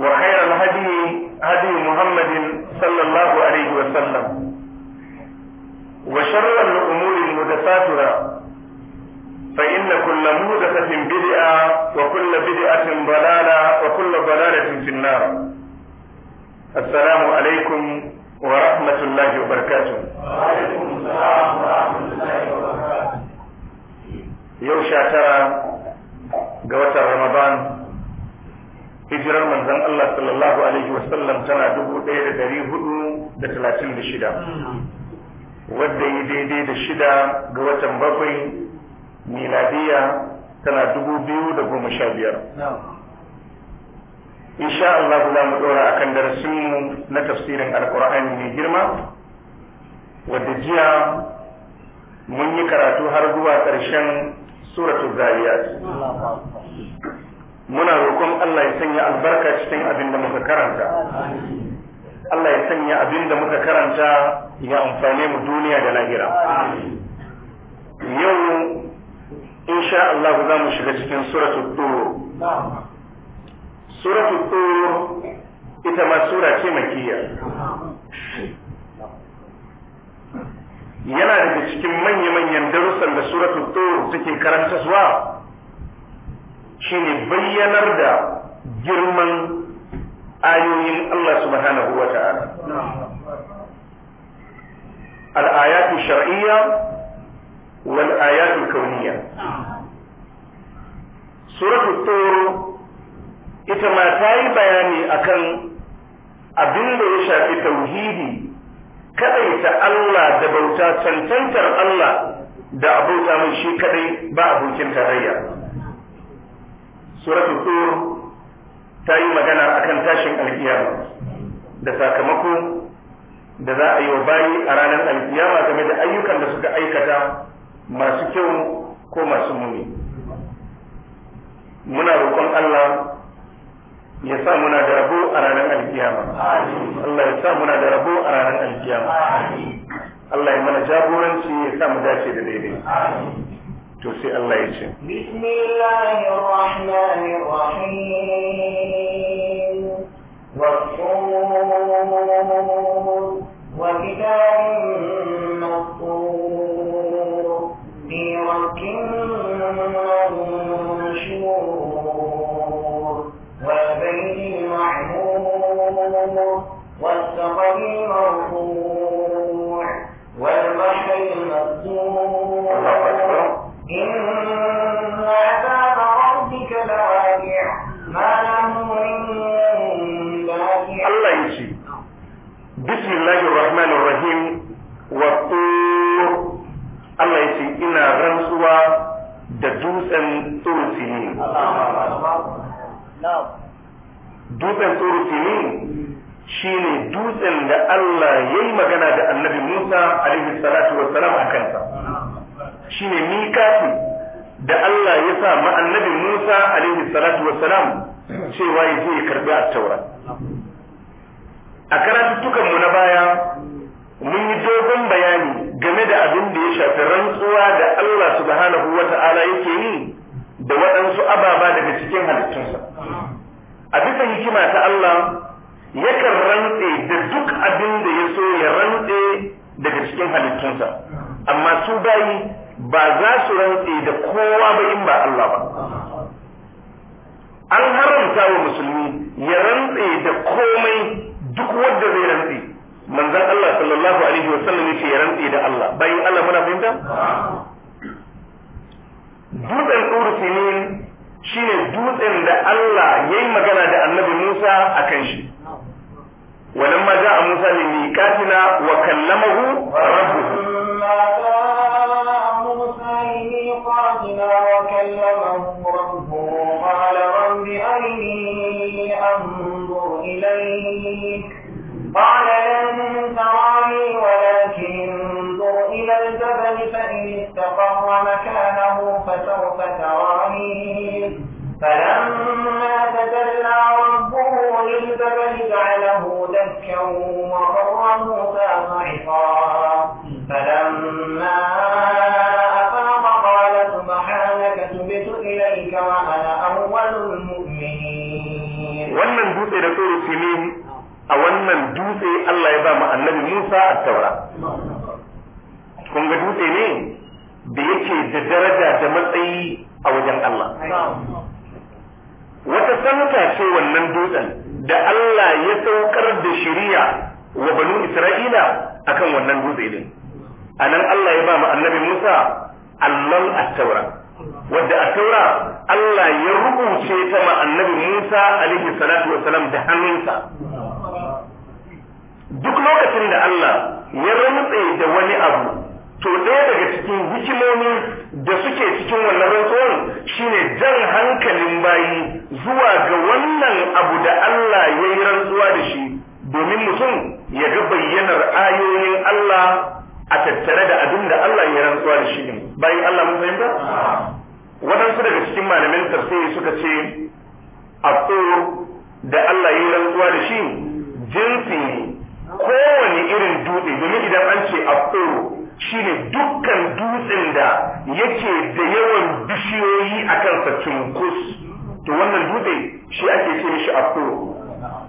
وخير الهدي هدي محمد صلى الله عليه وسلم وشر الأمور محدثاتها فإن كل محدثة بدعة وكل بدعة ضلالة وكل ضلالة في النار السلام عليكم ورحمة الله وبركاته وعليكم السلام ورحمة الله وبركاته يوشع ترى قوة رمضان hijirar manzon Allah sallallahu alaihi wasallam tana dubu ɗaya da ɗari hudu da talatin da shida wadda yi daidai da shida ga watan bakwai miladiya tana dubu biyu da goma sha biyar insha Allah za mu ɗora a kan darasinmu na tafsirin alkur'ani mai girma wadda jiya mun yi karatu har zuwa ƙarshen suratul zariyat muna roƙon Allah ya sanya albarka cikin abin da muka karanta Allah ya sanya abin da muka karanta ya amfane mu duniya da lahira yau insha Allah za mu shiga cikin suratul tur suratul tur ita ma sura ce makiyya yana daga cikin manya-manyan darussan da suratul tur take karanta zuwa shine bayyanar da girman ayoyin Allah subhanahu wa ta'ala Al’ayatu ayatu shar'iyya wal kauniya. kauniyya suratul ita ma ta yi bayani akan abin da ya shafi tauhidi kadai ta Allah da bauta cancantar Allah da abota mai shi kadai ba abokin tarayya suratul tur ta yi magana akan tashin alkiyama da sakamako da za a yi wa bayi a ranar alkiyama game da ayyukan da suka aikata masu kyau ko masu muni muna roƙon Allah ya sa muna da rabo a ranar alkiyama Allah ya sa muna da rabo a ranar alkiyama Allah ya mana jagoranci ya sa mu dace da daidai to sai Allah ya ce bismillahir rahmanir rahim wa والسقم المرفوع والبحر المسجون إن عذاب ربك لواقع ما له من الله يجي بسم الله الرحمن da dutsen tsoro Dutsen tsoro sinin shi ne dutsen da Allah ya yi magana da annabi Musa alaihi salatu wa salam a kansa. shine miƙati da Allah ya sa ma annabi Musa alaihi salatu wa salam cewa ya je karɓi karbi at-taura a karatuttukanmu na baya mun yi dogon bayani game da abin da ya shafi rantsuwa da Allah subhanahu ta'ala yake yi da waɗansu ababa daga cikin halittunsa a bisa hikima ta Allah yakan rantse da duk abin da ya so ya rantse daga cikin halittunsa amma su bayi ba za su rantse da kowa ba in ba Allah ba an haramta wa musulmi ya rantse da komai duk wanda zai rantse manzon Allah sallallahu alaihi wasallam ce ya rantse da Allah bayan Allah muna fahimta dutsen tsuru shi shine dutsen da Allah ya yi magana da annabi Musa a kan shi. Walamma za a Musa ne miƙatina wa kallamahu rabbu وكلمه ربه قال رب أرني أنظر إليك قال لن تراني ولكن انظر إلى الجبل فإن استقر مكانه فسوف تراني فلما تجلى ربه للجبل جعله دكا وقر موسى صعقا فلما wannan dutse da tsoro sinin a wannan dutse Allah ya ba mu annabi Musa a taura dutse ne da yake da daraja da matsayi a wajen Allah wata sanata ce wannan dutsen da Allah ya saukar da shari'a wa banu Isra'ila akan wannan dutse din anan Allah ya ba mu annabi Musa allon attaura. taura wadda a taura Allah ya rubuce ta ma annabi Musa alaihi salatu wa salam da hannunsa duk lokacin da Allah ya rantse da wani abu to ɗaya daga cikin hikimomi da suke cikin wannan rantsuwar shine jan hankalin bayi zuwa ga wannan abu da Allah ya yi rantsuwa da shi domin mutum ya ga bayyanar ayoyin Allah a tattare da abin da Allah ya rantsuwa da shi bayan Allah mun fahimta waɗansu daga cikin malamin tafsiri suka ce a da Allah yi rantsuwa da shi jinsi ne kowane irin dutse domin idan an ce a shi ne dukkan dutsen da yake da yawan bishiyoyi a kansa kus to wannan dutse shi ake ce mishi a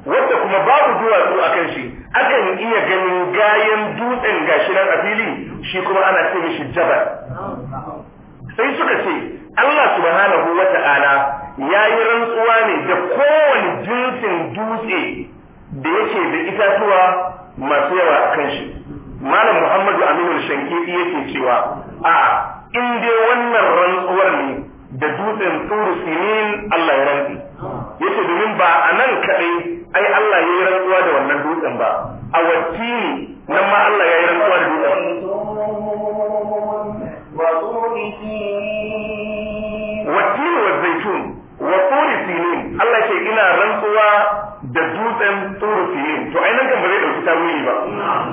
wanda kuma babu duwatsu a kan shi akan iya ganin gayan dutsen gashi nan a fili shi kuma ana ce mishi jabal sai suka ce Allah subhanahu wa ta'ala ya yi rantsuwa ne da kowane jinsin dutse da yake da itatuwa masu yawa a kan shi malam muhammadu aminu shankidi yake cewa a in dai wannan rantsuwar ne da dutsen turu sinin Allah ya rantsi yace domin ba a nan kaɗai ai Allah ya yi rantsuwa da wannan dutsen ba a wattini nan ma Allah ya yi rantsuwa da dutsen matsayin tsoro filin to ai nan kan ba zai ɗauki tawili ba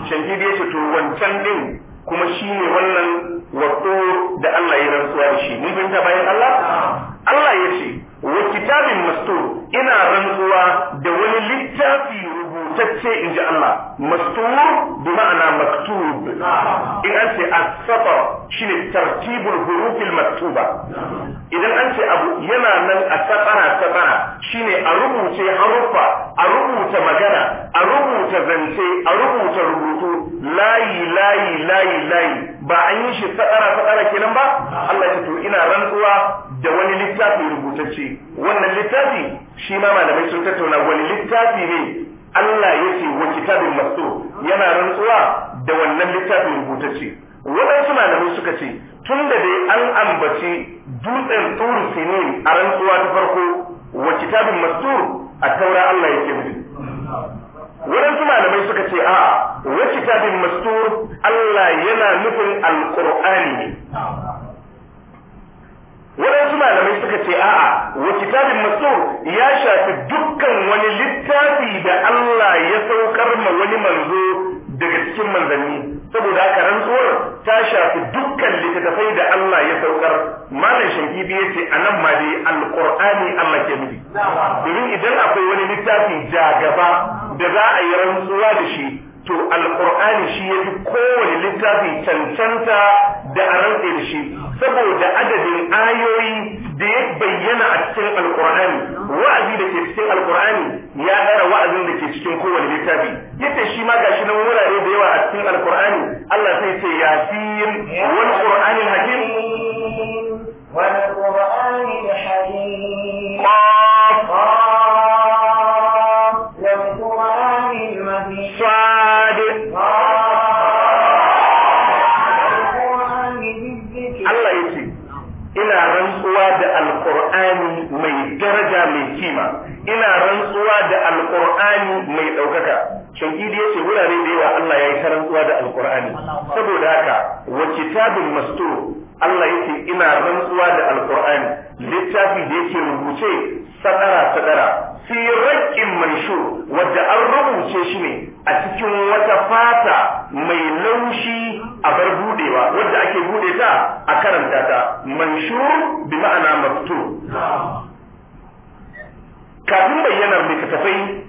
shankidi ya ce to wancan din kuma shi ne wannan wato da Allah ya rantsuwa da shi mun fahimta bayan Allah tartibul hurufil maktuba idan an ce yana nan a tsara tsara shine a rubuce haruffa a rubuta magana a rubuta zance a rubuta rubutu layi layi layi layi ba an yi shi tsara tsara kenan ba Allah ya to ina rantsuwa da wani littafi rubutacce wannan littafi shi ma malamai sun tattauna wani littafi ne Allah ya ce wa kitabin mastur yana rantsuwa da wannan littafin rubutacce waɗansu malamai suka ce tun da dai an ambaci dutsen turu sinin a rantsuwa ta farko wa kitabin mastur a taura Allah yake nufi waɗansu malamai suka ce a wa kitabin mastur Allah yana nufin alqur'ani ne waɗansu malamai suka ce a'a wa kitabin mastur ya shafi dukkan wani littafi da Allah ya saukar ma wani manzo daga cikin manzanni saboda haka rantsuwar ta shafi dukkan littattafai da Allah ya saukar malam shankidi ya ce anan ma dai alqur'ani Allah ke nufi domin idan akwai wani littafi jagaba da za a yi rantsuwa da shi to alqur'ani shi ya fi kowane littafi cancanta da a rantse da shi saboda adadin ayoyi da ya bayyana a cikin alqur'ani wa'azi da ke cikin alqur'ani ya ɗara wa'azin da ke cikin kowane littafi alqur'ani Allah sai ce yasin aransuwa rantsuwa da alkur'ani saboda haka wa kitabul mastur Allah yake ina rantsuwa da alkur'ani littafi da yake rubuce sadara sadara fi rakin manshur wanda an rubuce shi ne a cikin wata fata mai laushi a bar budewa wadda ake bude ta a karanta ta manshur bi ma'ana maftur kafin mai littattafai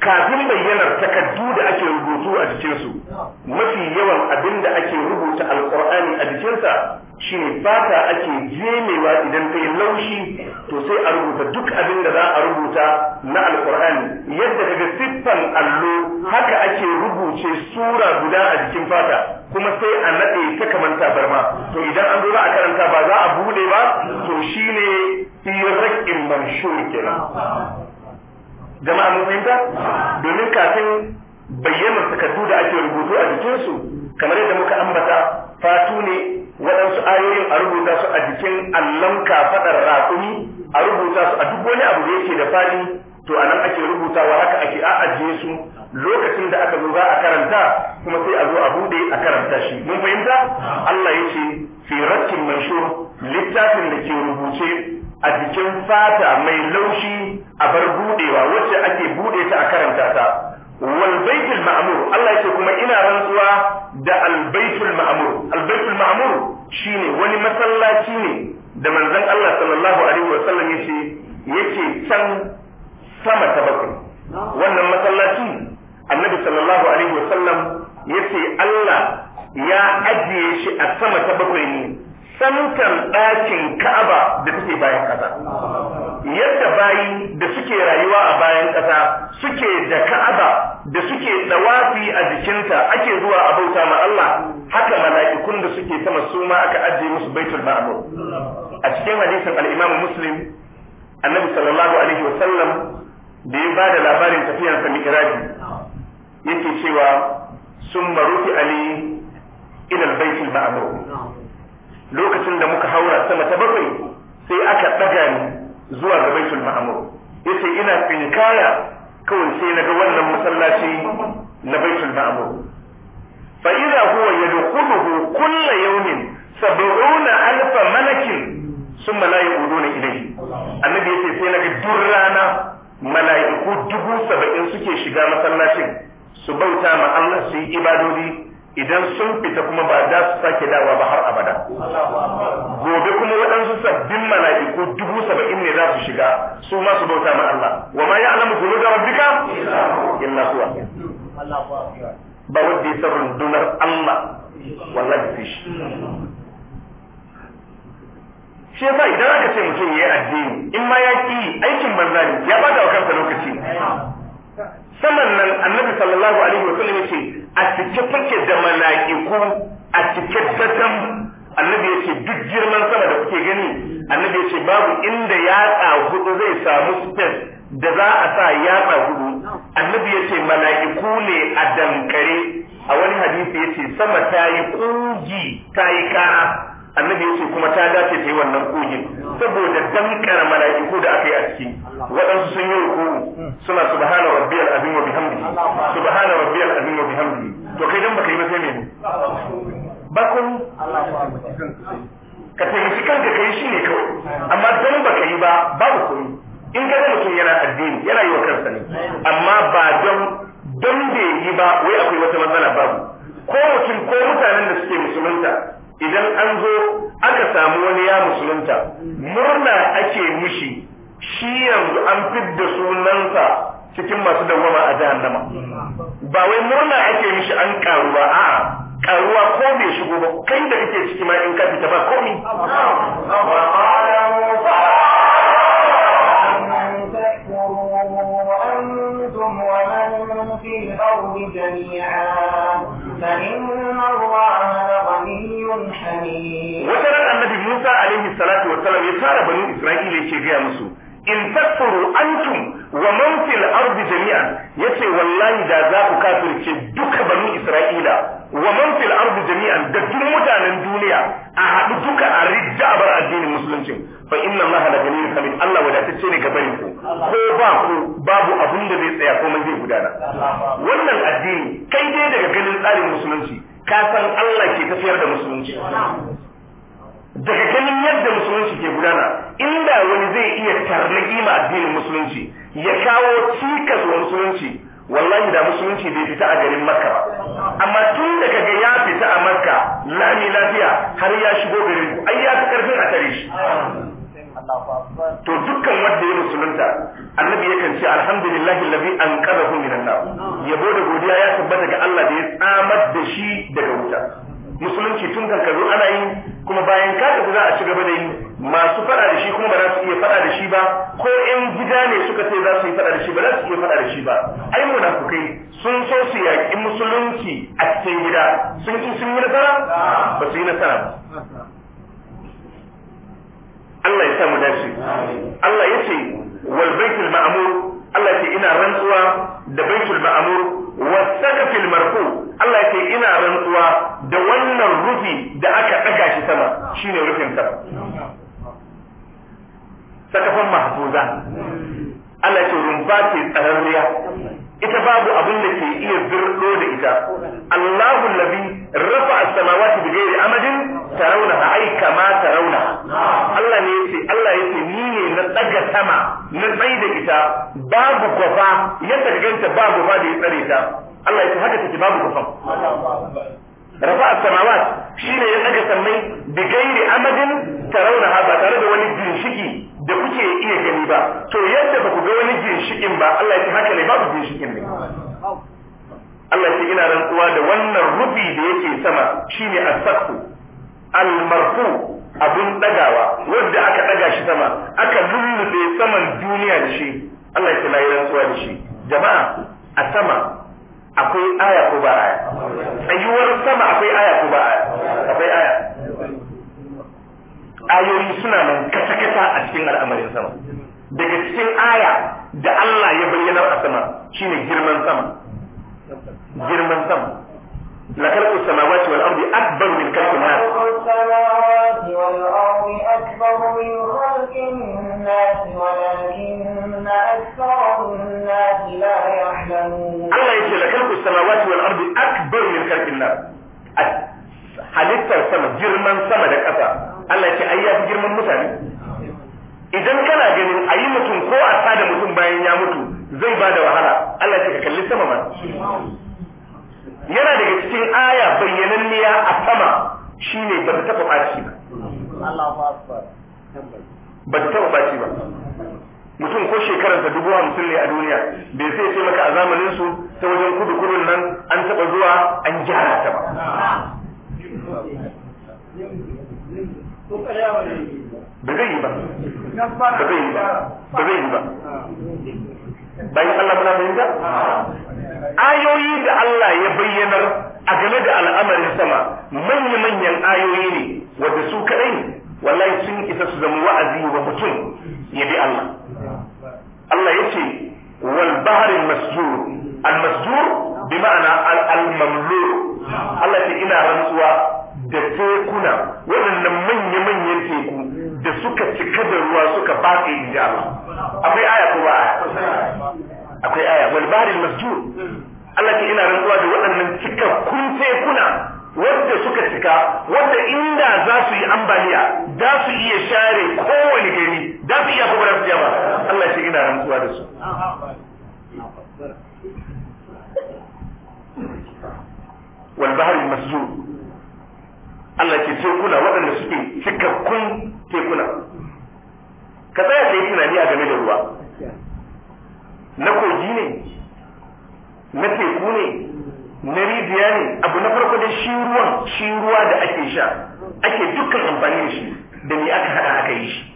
kafin bayyanar takaddu da ake rubutu a jikinsu mafi yawan abin da ake rubuta alkur'ani a jikinsa shine fata ake jemewa idan ta yi laushi to sai a rubuta duk abin da za a rubuta na alkur'ani yadda daga siffan allo haka ake rubuce sura guda a jikin fata kuma sai a naɗe ta kamar tabarma to idan an zo a karanta ba za a bude ba to shine irakin manshur kenan jama'a mun fahimta domin kafin bayyana takardu da ake rubutu a jikinsu kamar yadda muka ambata fatu ne waɗansu ayoyin a rubuta su a jikin allon kafaɗar raƙumi a rubuta su a duk wani abu da yake da fali to a nan ake rubutawa haka ake a ajiye su lokacin da aka zo za a karanta kuma sai a zo a bude a karanta shi mun fahimta Allah ya ce fi rattin manshur littafin da ke rubuce a jikin fata mai laushi a bar budewa wacce ake bude ta a karanta ta wal baitul ma'mur Allah yake kuma ina rantsuwa da al baitul ma'mur al baitul ma'mur shine wani masallaci ne da manzon Allah sallallahu alaihi wasallam yace yake can sama ta bakwai wannan masallaci annabi sallallahu alaihi wasallam yace Allah ya ajiye shi a sama ta bakwai ne sankan ɗakin Ka'aba da take bayan ƙasa yadda bayi da suke rayuwa a bayan ƙasa suke da ka'aba da suke tsawafi a jikinta ake zuwa a bauta ma Allah haka mala'ikun da suke sama su ma aka ajiye musu baitul ma'mur a cikin hadisin al-Imam Muslim Annabi sallallahu alaihi wa sallam da ya bada labarin tafiyar sa Mi'raj yake cewa summa rufi ali ila al-baitul ma'mur lokacin da muka haura sama ta bakwai sai aka daga ni zuwa ga baitul ma'mur yace ina tsinkaya kawai sai naga wannan masallaci na baitul ma'mur fa idza huwa yadkhuluhu kulla yawmin sab'una alf malakin thumma la yu'uduna ilayhi annabi yace sai naga duk rana mala'iku dubu saba'in suke shiga masallacin su bauta ma Allah su yi ibadodi idan sun fita kuma ba za su sake dawa ba har abada gobe kuma waɗansu sabbin mala'iku dubu saba'in ne za su shiga su ma su bauta ma Allah wa ma kuma ga rabbika illa huwa ba wanda ya san rundunar Allah wallahi sai shi shi yasa idan aka ce mutum ya yi addini in ma ya ki aikin banza ne ya da wa kansa lokaci saman nan annabi sallallahu alaihi wa sallam ya ce. a cike take da mala'iku a cike ta annabi yace duk girman sama da kuke gani annabi yace babu inda yatsa hudu zai samu space da za a sa yatsa hudu annabi yace mala'iku ne a dankare a wani hadisi yace sama ta yi kungi ta yi kara annabi yace kuma ta dace ta yi wannan kogin saboda dankar mala'iku da aka yi a ciki waɗansu sun yi ruku suna subhana rabbiyal azim wa bihamdihi subhana rabbiyal azim wa bihamdihi to kai dan baka yi mai ne me bakun ka taimaki kanka kai shi ne kawai amma dan baka yi ba babu kuma in ga mutum yana addini yana yi wa kansa ne amma ba don don bai yi ba wai akwai wata matsala babu ko mutum ko mutanen da suke musulunta idan an zo aka samu wani ya musulunta murna ake mushi shi yanzu an da sunansa cikin masu dawama a nama. ba wai murna ake mushi an karu ba a'a karuwa ko bai shigo ba kai da kake ciki ma in ka fita ba komi takfuru antum wa man fil ardi jami'an yace wallahi da za ku kafirce duka banu isra'ila wa man fil ardi jami'an da duk mutanen duniya a haɗu duka a bar addinin musulunci fa inna Allah la ganiyyun hamid Allah wadatacce ne ga barin ko ba ku babu abun da zai tsaya komai zai gudana wannan addini kai dai daga ganin tsarin musulunci ka san Allah ke tafiyar da musulunci daga ganin yadda musulunci ke gudana inda wani zai iya tarnaki ma addinin musulunci ya kawo cikas wa musulunci wallahi da musulunci bai fita a garin makka amma tun da kaga ya fita a makka lami lafiya har ya shigo garin ku ai ya fi karfin a tare shi to dukkan wanda ya musulunta annabi yakan ce alhamdulillahi allazi anqadahu minan nar yabo da godiya ya tabbata ga Allah da ya tsamar da shi daga wuta musulunci tun kan ana yi kuma bayan ka za a ci gaba da yi masu fada da shi kuma ba za su iya fada da shi ba ko yan gida ne suka ce za su yi fada da shi ba za su iya fada da shi ba ai munafukai sun so su yaƙi musulunci a cikin gida sun ci sun yi nasara ba su yi nasara Allah ya sa mu dace Allah ya ce wal baitul ma'mur Allah ya ce ina rantsuwa da baitul ma'mur wa sadafil marfu Allah ya ce ina rantsuwa da wannan rufi da aka ɗaga shi sama shine rufin sama sakafan mahafuza. Allah ce rumfa ce tsararriya ita babu abin da ke iya birɗo da ita Allahu labi rafa as-samawati da ghairi amadin a ai kama tarauna. Allah ne yace Allah ce ni ne na ɗaga sama na tsai da ita babu kwafa yadda ganta babu ba da ya tsare ta Allah yace haka take babu kwafa rafa as-samawat shine ya daga sammai bi gairi amadin tarawnaha ba tare da wani ginshiki da kuke iya gani ba to yadda ba ku ga wani ginshikin ba Allah ya ce haka ne babu ginshikin ne Allah ce ina rantsuwa da wannan rufi da yake sama shine as-saqfu al-marfu abun dagawa wanda aka daga shi sama aka lullube saman duniya da shi Allah ya ce na rantsuwa da shi jama'a a sama akwai aya ko ba aya tsayuwar sama akwai aya ko ba aya akwai aya ayoyi suna nan kasa-kasa a cikin al'amarin sama daga cikin aya da Allah ya bayyana a sama shine girman sama girman sama لخلق السماوات والأرض أكبر من خلق الناس خلق السماوات والأرض أكبر من خلق الناس ولكن أكثر الناس لا يعلمون الله يقول لخلق السماوات والأرض أكبر من خلق الناس halittar sama girman sama da ƙasa Allah ya ce ai ya fi mutane idan kana ganin ayi mutum ko a sada mutum bayan ya mutu zai ba da wahala Allah ce ka kalli sama ma yana daga cikin aya bayyananniya a sama shine ba ta taɓa ɓaci ba ba ta taɓa ɓaci ba mutum ko shekararsa dubu hamsin ne a duniya bai sai ce maka a zamanin su ta wajen kudu kudun nan an taɓa zuwa an gyara ta ba ba zai yi ba ba zai yi ba ba zai yi ba bayan Allah muna fahimta ayoyi da Allah ya bayyana a game da al'amarin sama manya-manyan ayoyi ne wadda su kadai wallahi sun isa su zama wa'azi wa mutum ya bi Allah Allah ya ce wal baharin masjur al masjur bi ma'ana al mamlu Allah ya ina rantsuwa da tekuna waɗannan manya-manyan teku da suka cika da ruwa suka batse inji Allah akwai aya ko ba aya akwai aya wal bahril masjur Allah ke ina rantsuwa da waɗannan cikakkun tekuna wanda suka cika wanda inda za su yi ambaliya za su iya share kowane gari za su iya kuma rafiya ba Allah ke ina rantsuwa da su wal bahril masjur Allah ke tekuna waɗanda suke cikakkun tekuna ka tsaya yi tunani a game da ruwa na kogi ne na teku ne na rijiya ne abu na farko da shi ruwan shi ruwa da ake sha ake dukkan amfani da shi da ni aka hada aka yi shi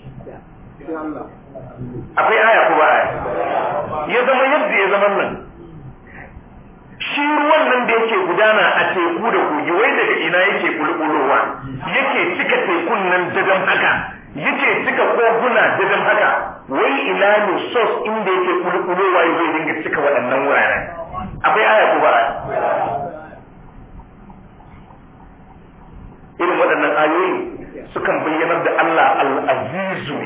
akwai aya ko ba aya ya zama yadda ya zama nan shi ruwan nan da yake gudana a teku da kogi wai daga ina yake bulbulowa yake cika tekun nan dadan haka yake cika koguna dadan haka wai ina ne sos inda yake kulkulo waye zai dinga cika waɗannan wuraren akwai aya ko ba irin waɗannan ayoyi sukan bayyanar da Allah al-azizu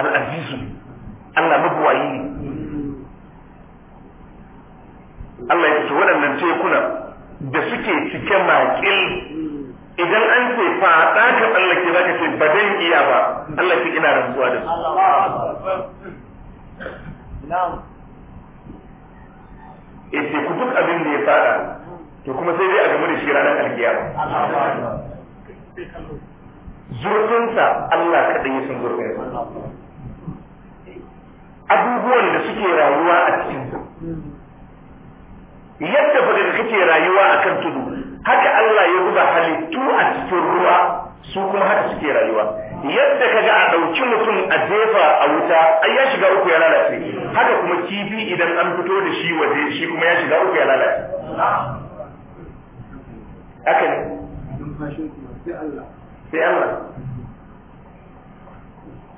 al-azizu Allah mabuwayi ne Allah ya ce waɗannan tekuna da suke cike maƙil idan an ce fa da ka Allah ke zaka ce ba zan iya ba Allah ce ina rantsuwa da su na'am ku duk abin da ya fada to kuma sai dai a game da shi ranar alkiyama zurfinsa Allah kaɗai sun zurfinsa abubuwan da suke rayuwa a cikin yadda ba da kake rayuwa akan tudu haka Allah ya zuba halittu a cikin ruwa su kuma haka suke rayuwa yadda kaga a ɗauki mutum a jefa a wuta ai ya shiga uku ya lalace haka kuma kifi idan an fito da shi waje shi kuma ya shiga uku ya lalace haka ne sai Allah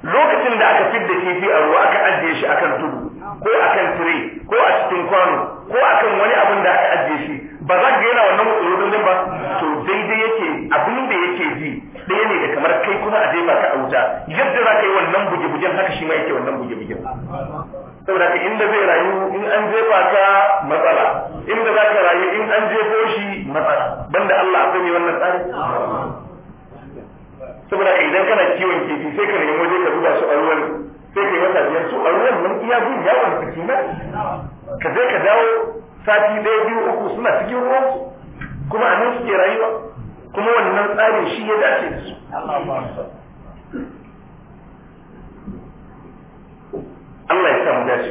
lokacin da aka fidda kifi a ruwa aka ajiye shi akan tudu ko akan tire ko a cikin kwano ko akan wani abin da aka ajiye shi ba za ka yana wannan tsoron din ba to daidai yake abin da yake ji ɗaya ne da kamar kai kuma a jefa ka a wuta yadda za ka yi wannan buge-bugen haka shi ma yake wannan buge-bugen saboda ka inda zai rayu in an jefa ka matsala inda za ka rayu in an jefo shi matsala banda Allah akwai ne wannan tsari saboda ka idan kana kiwon kifi sai ka nemi waje ka zuba su a ruwan sai ka yi wata biyar su a ruwan nan iya gudu yawon su ka je ka dawo sati ɗaya biyu uku suna cikin ruwansu kuma a nan suke rayuwa kuma wannan tsarin shi ya dace da su Allah ya samu dace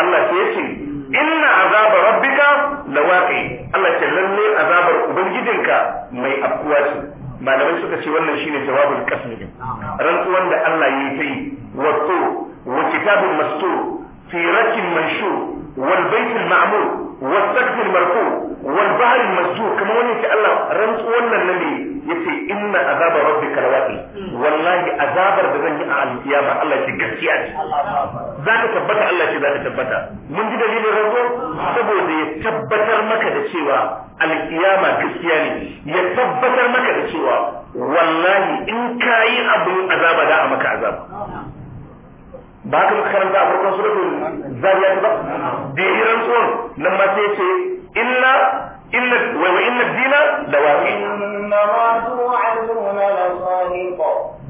Allah ke yace inna azaba rabbika lawaqi Allah ce lalle azabar ubangijinka mai afkuwa ce malamai suka ce wannan shine jawabul qasmi. din rantsuwan da Allah ya yi wa to wa kitabul mastur fi rakin manshur والبيت المعمور والسقف المرفوع والبحر المسجور كما wani ce Allah rantsu wannan nabi yace inna azaba rabbika lawaqi wallahi azabar da zan yi a alkiyama Allah ce gaskiya ce za ka tabbata Allah ce za ka tabbata mun ji dalilin rantsu saboda ya tabbatar maka da cewa alkiyama gaskiya ne ya tabbatar maka da cewa wallahi in kayi abun azaba da maka azaba ba ka karanta a farkon suratul zariyat ba da iran tsohon nan ma sai ce inna inna wa wa inna dina da wa inna ma tu'aduna la sadiq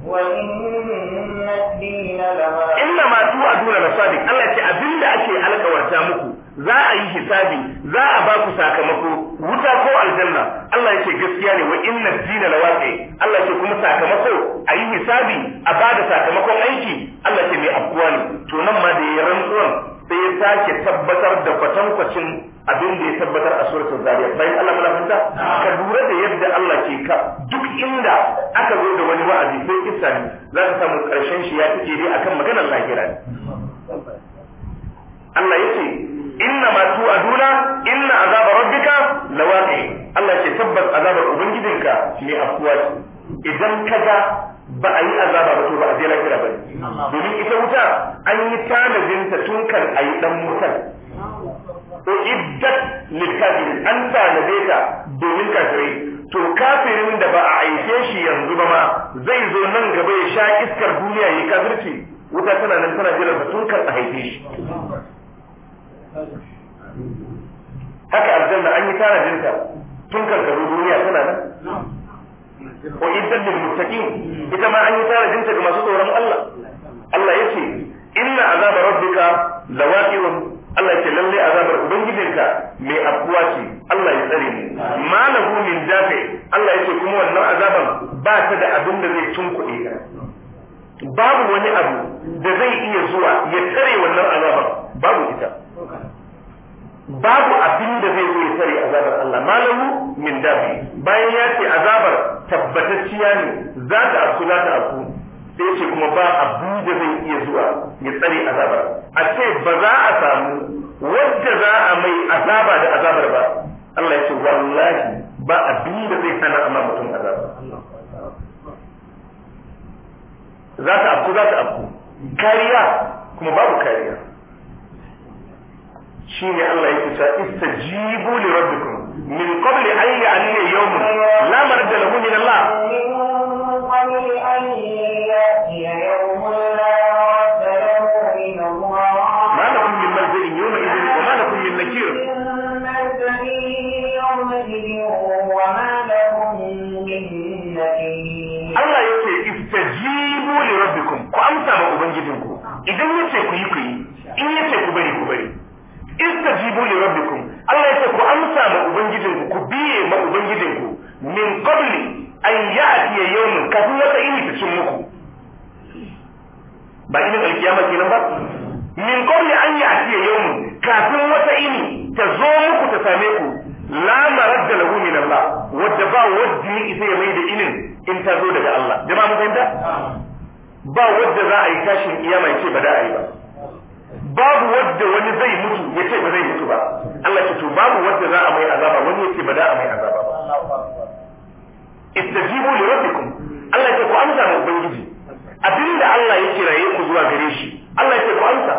wa inna dina la inna ma tu'aduna la sadiq Allah ce abinda ake alƙawarta muku za a yi hisabi za a ba ku sakamako wuta ko aljanna Allah ya ce gaskiya ne wa inna dina la waqi Allah ya ce kuma sakamako a yi hisabi a ba da sakamakon aiki Allah ce mai abuwa ne to nan ma da ya rantsuwan sai ya sake tabbatar da kwatankwacin abin da ya tabbatar a suratul zariyat bayan Allah mala fanta ka lura da yadda Allah ke ka duk inda aka zo da wani wa'azi sai kissa ne za ka samu karshen shi ya fice dai akan maganar lahira ne Allah yace inna ma tu'aduna inna azaba rabbika lawaqi Allah ce tabbas azabar ubangijinka ne afuwa idan ka ga. ba a yi azaba ba to ba a je lahira ba domin ita wuta an yi tanadin ta tun kan a yi dan to iddat likafirin an tanade ta domin kafirai to kafirin da ba a aike shi yanzu ba ma zai zo nan gaba ya sha iskar duniya ya kafirci wuta tana nan tana jiran tun kan a haife shi haka aljanna an yi tanadin ta tun kan duniya tana nan wa iddat lil muttaqin ita ma an yi tanadin ta ga masu tsoron Allah Allah yace inna azabar rabbika lawaqi'un Allah ce lallai azabar ubangijinka mai afkuwa ce Allah ya tsare mu malahu min dafi Allah yace kuma wannan azaban ba ta da abin da zai tunkuɗe ka babu wani abu da zai iya zuwa ya tsare wannan azabar babu ita babu abin da zai zo ya tare azabar Allah malamu min dabi bayan ya ce azabar tabbatacciya ne za ta afku za ta afku sai ce kuma ba abu da zai iya zuwa ya tsare azabar a ce ba za a samu wadda za a mai azaba da azabar ba Allah ya ce wallahi ba abin da zai hana amma mutum azaba za ta afku za ta afku kariya kuma babu kariya شيني الله لها استجيبوا لربكم من قبل اي علي يوم لا مرد له من الله istajibu li rabbikum Allah ya ce ku amsa ma ubangijin ku biye ma ku min qabli an ya'ti yawmin kafin wata ini ta cin muku ba inin alkiyama kenan ba min qabli an ya'ti yawmin kafin wata ini ta zo muku ta same ku la maradda lahu min Allah wadda ba wadda ni sai mai da inin in ta zo daga Allah jama'a mun fahimta ba wadda za a yi tashin kiyama ce ba da ai ba babu wadda wani zai mutu ya ce ba zai mutu ba Allah ya to babu wadda za a mai azaba wani ya ce ba za a mai azaba ba istajibu li rabbikum Allah ya ce ku amsa ma ubangiji abinda Allah ya kiraye ku zuwa gare shi Allah ya ce ku amsa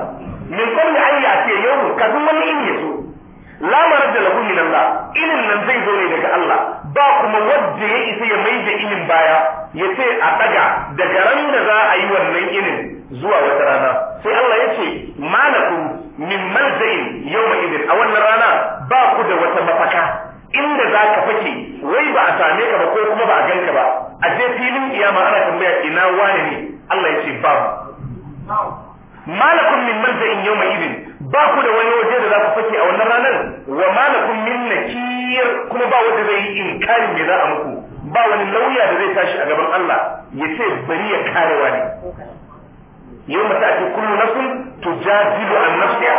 min qabli an ya'ti yawm kafin wani in yazo la marada lahu min Allah ilin nan zai zo ne daga Allah ba kuma wadda ya isa ya mai da ilin baya ya ce a daga karewa ne yau mata ake kullu nafsin tujadilu an nafsiha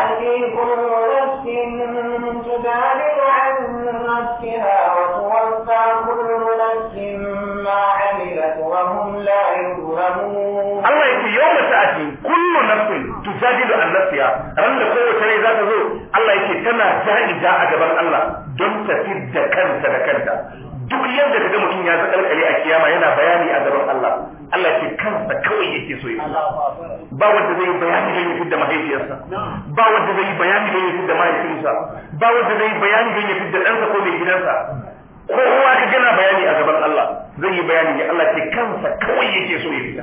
Allah yake yau mata ake kullu nafsin tujadilu an nafsiha ran da kowace rai za ta zo Allah yake tana ja'ija a gaban Allah don ta da kanta da kanta duk yadda ga mutum ya zakalkale a kiyama yana bayani a gaban Allah Allah ce kansa kawai yake so yi ba wanda zai bayani da yake da mahaifiyarsa ba wanda zai bayani da yake da mahaifinsa ba wanda zai bayani da yake da ɗansa ko mai gidansa kowa ka gana bayani a gaban Allah zai yi bayani ne Allah ce kansa kawai yake so yi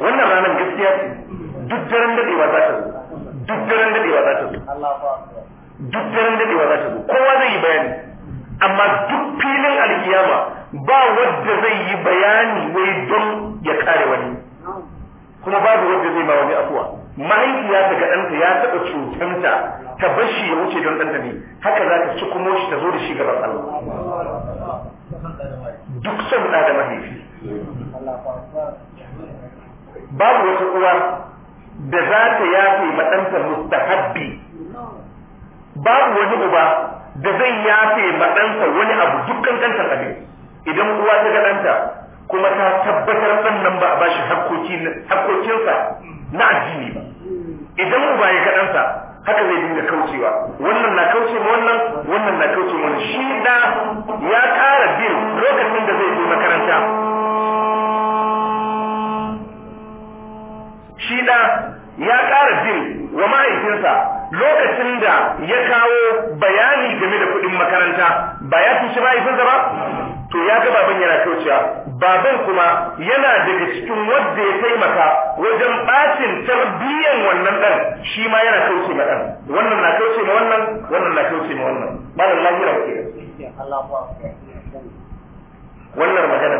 wannan ranar gaskiya ce duk daren dadewa za ta zo duk daren dadewa za ta zo duk daren dadewa za ta zo kowa zai yi bayani amma duk filin alkiyama ba wanda zai yi bayani wai don ya kare wani kuma babu wanda zai ma wani afuwa mahaifiya ta ga ɗanta ya taɓa cutanta ta bar ya wuce don ɗanta ne haka za ta ci kuma shi ta zo da shi gaban Allah duk son ɗa da mahaifi babu wata uwa da za ta yafe ma ɗanta mustahabbi babu wani uba da zai yafe ma ɗansa wani abu dukkan kankantar abin idan uwa ta ga ɗanta kuma ta tabbatar sannan ba a bashi hakkokinsa na addini ba idan uba ya ga ɗansa haka zai dinga kaucewa wannan na kauce ma wannan wannan na kauce ma shi da ya ƙara bin lokacin da zai je makaranta shi da ya ƙara bin wa ma'aikinsa. lokacin da ya kawo bayani game da kudin makaranta ba ya cuci mahaifinsa ba to ya ga baban yana kyauciya baban kuma yana daga cikin wanda ya taimaka wajen bacin tarbiyyan wannan dan shi ma yana kauce ma dan wannan na kauce ma wannan wannan na kauce ma wannan malam lahira ke wannan magana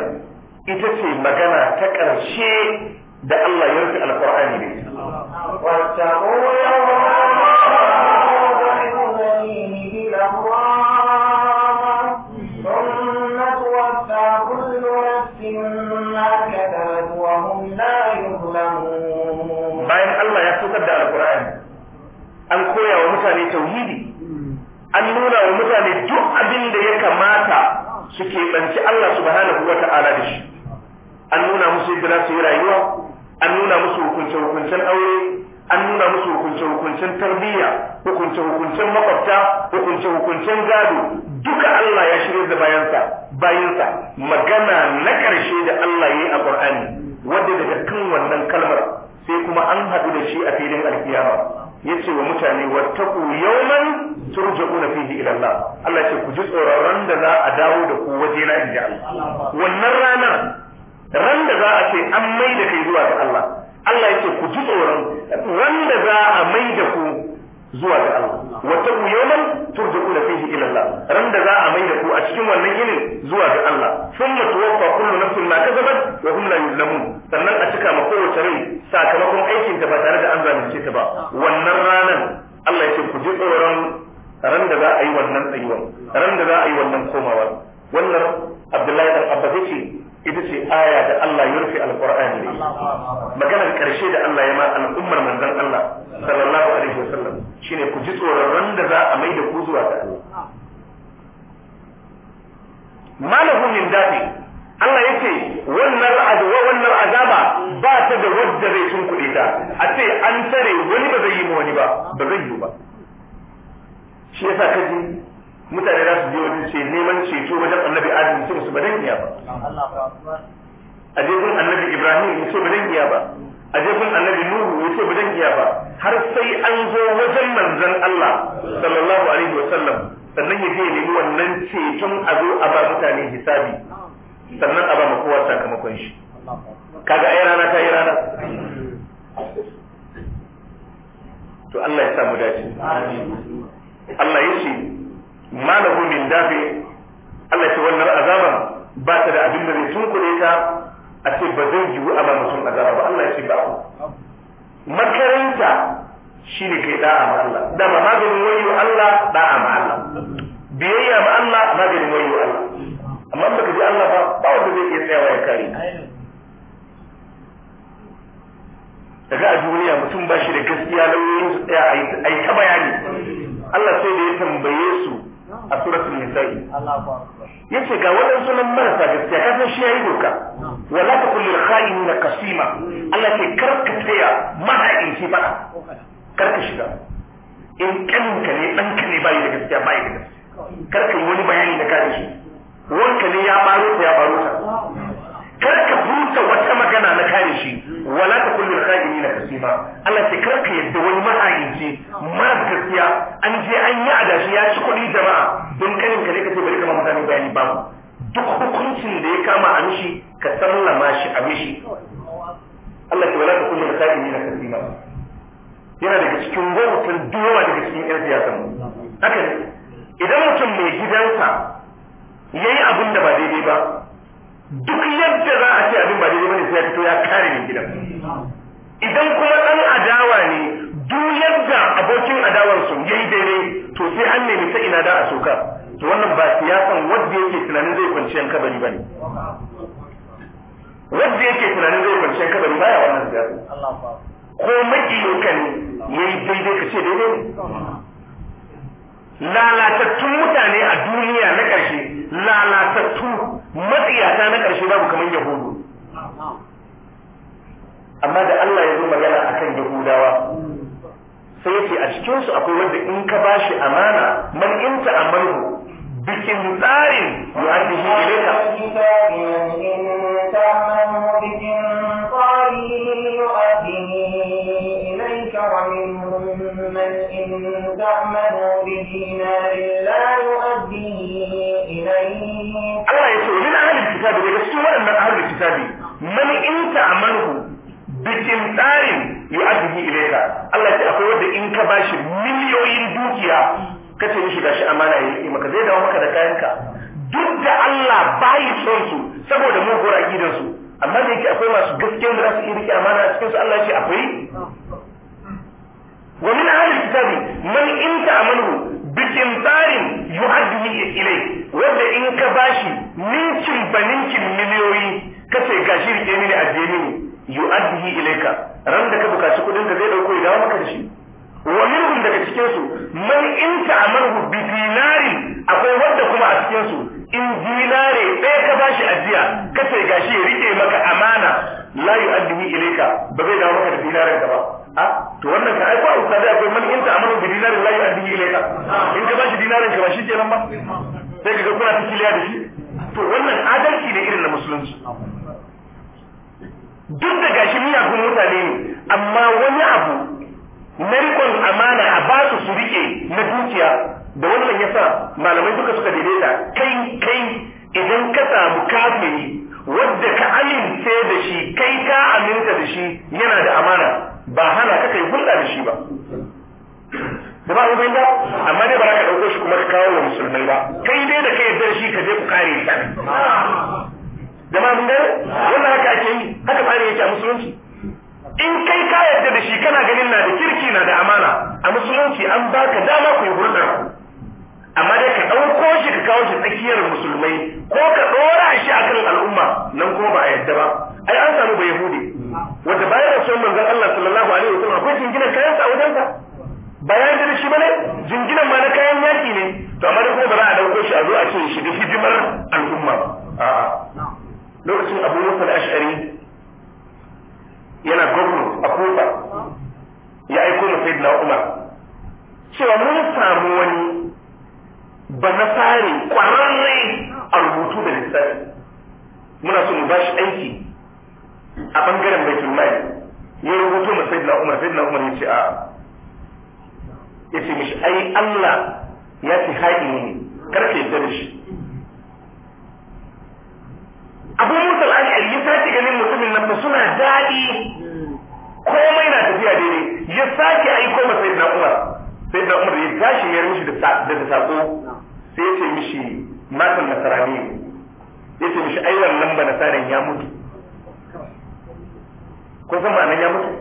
ita ce magana ta ƙarshe da Allah ya rufe alqur'ani da bayan Allah ya saukar da alkur'ani an koya wa mutane tauhidi an nuna wa mutane duk abin da ya kamata suke ke banci Allah subhanahu wa ta'ala da shi an nuna musu yadda za su yi rayuwa an nuna musu hukunce hukuncen aure an nuna musu hukunce hukuncen tarbiyya hukunce hukuncen makwabta hukunce hukuncen gado duka Allah ya shirya da bayansa bayansa magana na ƙarshe da Allah ya yi a Qur'ani wanda daga kan wannan kalmar sai kuma an haɗu da shi a filin alkiyama yace wa mutane wattaqu yawman turja'una fihi ila Allah Allah ce ku ji tsoron da za a dawo da ku waje na inda Allah wannan ranar ran da za a ce an mai da kai zuwa ga Allah Allah yake ku ji tsoron ran da za a mai da ku zuwa ga Allah wa taqu yawman turja'una fihi ila Allah ran da za a mai da ku a cikin wannan yinin zuwa ga Allah thumma tuwaffa kullu nafsin ma kasabat wa hum la yuzlamun sannan a cika ma kowace rai sakamakon aikin ta ba tare da an zalunce ta ba wannan ranan Allah yake ku ji tsoron ran da za a yi wannan tsayuwan ran da za a yi wannan komawar wannan Abdullahi dan Abbas yace ita ce aya da Allah ya rufe alkur'ani ne maganar ƙarshe da Allah ya ma al'ummar manzon Allah sallallahu alaihi wasallam shine ku ji tsoron da za a mai da ku zuwa ga Allah malahu min dadi Allah yace wannan adwa wannan azaba ba ta da wadda zai tun kudi ta a ce an tare wani ba zai yi wani ba ba zai yi ba shi yasa kaji mutane za su je ce neman ceto wajen annabi adam mutum su ba dan iya ba a jefin annabi ibrahim ya ce ba dan iya ba a jefin annabi nuhu ya ce ba dan iya ba har sai an zo wajen manzon Allah sallallahu alaihi wa sallam sannan ya je ya nemi wannan ceton a zo a ba mutane hisabi sannan a ba ma kowa sakamakon shi kaga ai rana ta yi rana to Allah ya samu dace Allah ya ce malahum min dafi Allah ce wannan azaban ba ta da abin da zai tunkure ta a ce ba zai yiwu a mutum azaba ba Allah ce ba makaranta shine kai da'a ma Allah dama maganin wayo Allah da'a ma Allah biyayya ma Allah maganin wayo Allah amma baka ji Allah ba ba wanda zai iya tsayawa ya kare daga a duniya mutum ba shi da gaskiya lauyoyin su tsaya a yi ta bayani Allah sai da ya tambaye su a suratul nisa'i ce ga waɗansu nan marasa gaskiya ka san shi yi doka wala taqul lil kha'inina kasima. Allah ke ka tsaya maha'in shi Kar ka shiga in kaninka ne ɗanka ne bayi da gaskiya bayi da gaskiya Kar ka yi wani bayani da kare shi wanka ne ya baro ta ya baro ta ka huta wata magana na kare shi wala ta kullu khajini na kasiba Allah ce kar ka yadda wani mahayinci mara gaskiya an je an yi adashi ya ci kuɗi jama'a don kanin ka ne ka ce bari kama mutane bayani ba duk hukuncin da ya kama a mishi ka sallama shi a mishi Allah ce wala ta kullu khajini na kasiba yana daga cikin gwamnatin duwa daga cikin yan siyasa haka ne idan mutum mai gidansa ya yi abin da ba daidai ba duk yadda za a ce abin ba daidai bane sai ya fito ya kare ni gidan idan kuma dan adawa ne duk yadda abokin adawarsu yayi daidai to sai an nemi ta ina da a soka to wannan ba siyasan wanda yake tunanin zai kwanciyar kabari bane wanda yake tunanin zai kwanciyar kabari baya wannan siyasa ko maki ne yayi daidai ka ce daidai ne lalatattun mutane a duniya na ƙarshe lalatattun. matsiyata na ƙarshe babu kamar yahudu amma da Allah ya zo magana a kan yahudawa sai ce a cikinsu akwai wanda in ka shi amana man a amanhu bikin tsarin yuhaddihi ilayka ومنهم من إن تعملوا لا يؤديه Allah ya ce wa min ahli kitabi daga cikin waɗannan ahli kitabi man in ta'amalu bikin tsarin yu'addihi ilayka Allah ya ce akwai wanda in ka bashi miliyoyin dukiya ka ce mishi gashi amana yayi maka zai dawo maka da kayanka duk da Allah bayi son su saboda mun aqidan su amma da yake akwai masu gaske da za su iya amana a cikin su Allah ya ce akwai wa min ahli kitabi man in ta'amalu bikin tsarin yuhaddu min ilai wanda in ka bashi ninkin ba ninkin miliyoyi ka ce gashi rike mini addini yu'addihi ilaika ran da ka bukaci kudin da zai dauko ya maka da shi wa minhum daga cikin su man in ta'amalu bi dinari akwai wanda kuma a cikin su in dinare ɗaya ka bashi ajiya ka ce gashi ya rike maka amana la yu'addihi ilaika ba zai dawo maka da dinarin ka ba a to wannan ka aiko a ustadi akwai man in ta'amalu bi dinari la dinarin ka ba shi kenan ba sai ka ga kuna ta kiliya da shi to wannan adalci ne irin na musulunci duk da gashi kun mutane ne amma wani abu na rikon amana a ba su su rike na dukiya da wannan yasa malamai duka suka daidaita kai kai idan ka samu kafiri wadda ka amince da shi kai ka aminta da shi yana da amana ba hana ka kai hulɗa da shi ba ba ku fahimta amma dai ba za ka ɗauko shi kuma ka kawo wa musulmai ba kai dai da kai yadda shi ka je ku kare shi jama'a mun gane wannan haka ake yi haka ba tsari yake a musulunci in kai ka yadda da shi kana ganin na da kirki na da amana a musulunci an baka dama ku yi hulɗar ku amma dai ka ɗauko shi ka kawo shi tsakiyar musulmai ko ka ɗora shi a kan al'umma nan kuma ba a yadda ba ai an samu bai yahudi wanda bayan rasuwan manzon Allah sallallahu alaihi wa sallam akwai jingina kayansa a wajensa bayan da shi bane jinginan ma na kayan yaki ne to amma kuma ba za a dauko shi a zo a ce shi da hidimar al'umma ba a'a lokacin Abu Musa al-Ash'ari yana gwamnu a Kufa ya aiko mu Sayyidina Umar cewa mun samu wani ba na fare kwararre a rubutu da lissafi muna so mu ba shi aiki a bangaren baitul mali ya rubuto mu Sayyidina Umar Sayyidina Umar ya ce a'a ya ce mishi ai Allah ya ce haɗi ne karfe da shi abu musul an yi ya sake ganin mutumin nan suna daɗi komai na tafiya daidai ya sake koma sai da umar sai da umar ya tashi ya rushe da sako sai ya ce mishi matan nasarani ya ce mishi ai wannan ba nasaran ya mutu ko san ma'anar ya mutu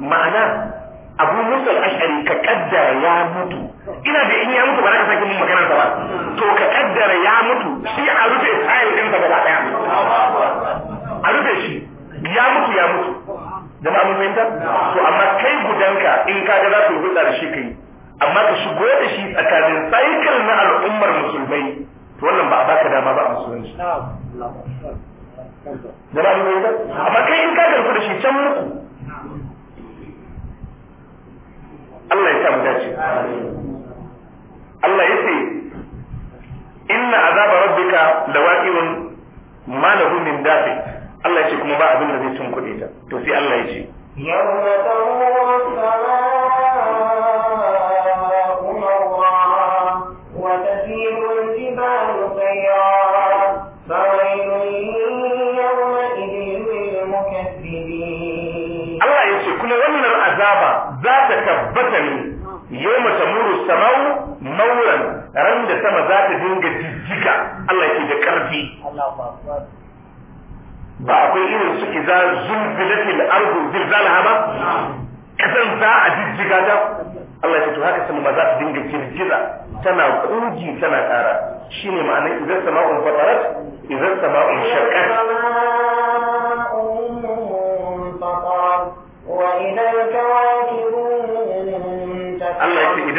ma'ana abu musul ash'ari ka kaddara ya mutu ina da in ya mutu ba za ka sake mun magana ba to ka kaddara ya mutu shi a rufe tsayin din gaba daya a rufe shi ya mutu ya mutu jama'a mun fahimta to amma kai gudanka in ka ga za ku hulɗa da shi kai amma ka shigo da shi tsakanin cycle na al'ummar musulmai to wannan ba a baka dama ba a musulunci jama'a mun fahimta amma kai in ka garku da shi can muku Allah ya sa mu dace Allah ya ce inna azaba rabbika lawaqi'un ma lahu min dafi Allah ya ce kuma ba abin da zai tunkuɗe ta to sai Allah ya ce yawma za ta tabbata ne yau mata muru samau mauran ran da sama za ta dinga jijjiga Allah ke da ƙarfi ba akwai irin su za zulzilatil ardu zilzalaha ba kasan za a jijjiga ta Allah ya to haka sama ba za ta dinga girgiza tana kuji tana ƙara shine ma'anar idan sama'un fatarat idan sama'un shaqqa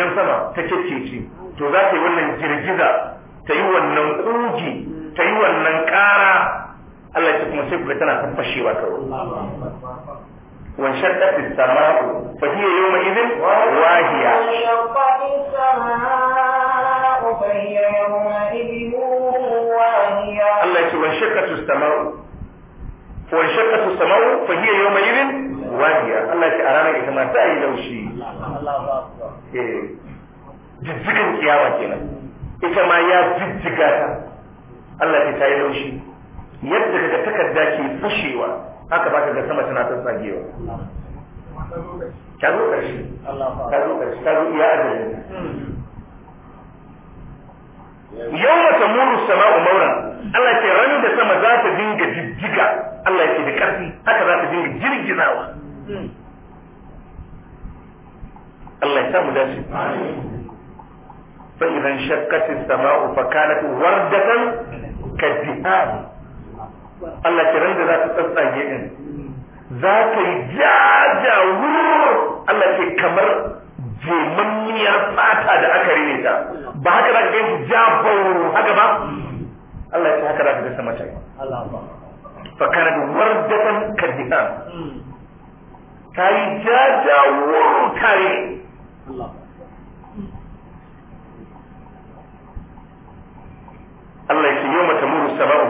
idan sama ta cece to za ta yi wannan girgiza ta yi wannan ƙugi ta yi wannan ƙara Allah ya kuma sai kuka tana kan fashewa kawai wan shaqqati as-sama'u fa hiya yawma idhin wahiya Allah ya ce wan shaqqati as-sama'u wan shaqqati as-sama'u fa hiya yawma idhin wahiya Allah ya ce a ranar ita ma ta yi laushi Eh, jijjigan ke kenan ita ma ya jijjiga ta Allah ta yi laushi yadda daga takarda ke fashewa haka ba ka ga sama tana tsagewa ka zo ƙarshe ka zo ƙarshe ka zo iya ajalin yau mata muru sama'u maura Allah ce ranar da sama za ta dinga jijjiga Allah ce da ƙarfi haka za ta dinga jirginawa. Allah ya sa mu dace fa idan shakkat as-sama'u fa kanat wardatan kadhihan Allah ki randa za ta tsatsage din za ta yi jaja Allah ke kamar jemammiyar fata da aka rine ta ba haka za ka gani jabauru haka ba Allah ya ce haka za ka ga sama ta yi fa kanat wardatan kadhihan ta yi jaja wuru tare Allah ya ce yau mata muru sama'u